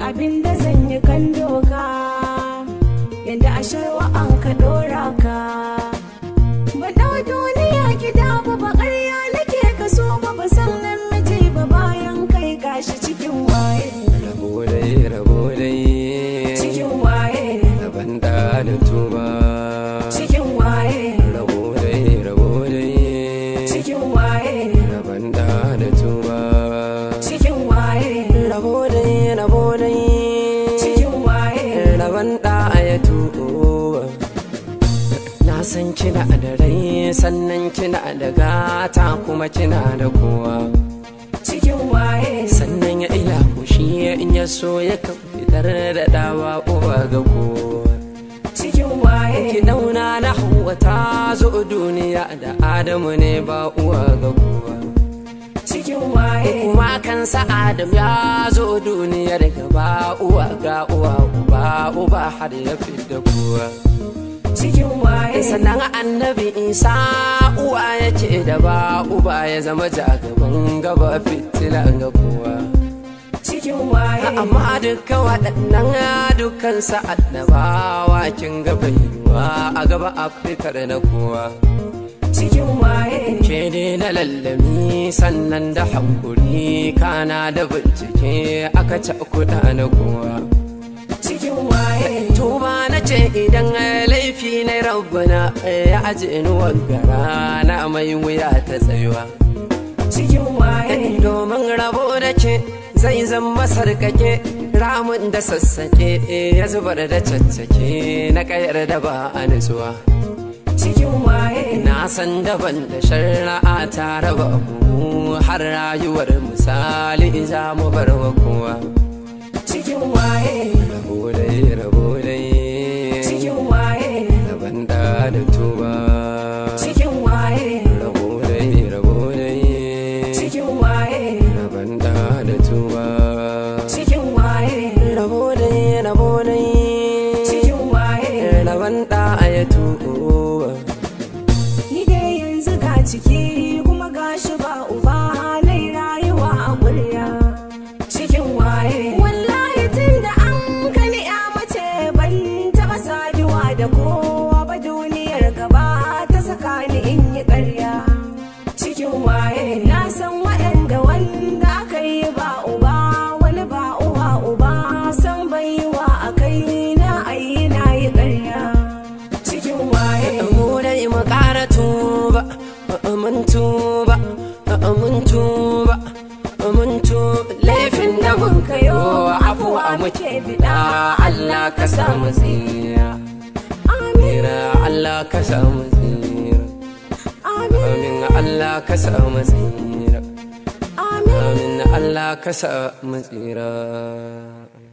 abin da zan yi kan doka yadda a sharwa an ka dora ka san kina da rai sannan kina da gata kuma kina da kowa cikin waye sannan ya ila kushi in ya so ya kan fitar da dawa uwa ga kowa cikin waye ki dauna na hawa ta zo duniya da adamu ne ba uwa ga kowa cikin waye kuma kansa adam ya zo duniyar gaba uwa ga uwa uba uba har ya fi da kowa cikin waye sannan annabi isa uwa yake da ba uba ya zama jagaban gaba fitila ga kowa cikin waye amma dukkan waɗannan dukkan sa'ad na bawa kin gaba yiwa a gaba afirkar na kowa cikin waye ke ne na lallami sannan da hankuri kana da bincike aka cakuɗa na kowa cikin waye tuba na ce idan laifi na rabbana eh, ya aji inuwar gara na mai wuya ta tsayuwa cikin waye domin rabo da ke zai zan masar kake ramin da sassake eh, ya zubar da caccake na kayar da ba a nutsuwa cikin waye na san daban da shari'a ta raba mu har rayuwar misali za mu bar wa kowa cikin waye rabo da rabo na bonai cikin waye raban da ayatu ni dai yanzu ka ciki tuba mun tuba mun tuba laifin da mun kayo afuwa muke bida Allah ka samu zira amira Allah ka samu zira amin Allah ka samu zira amin Allah ka samu zira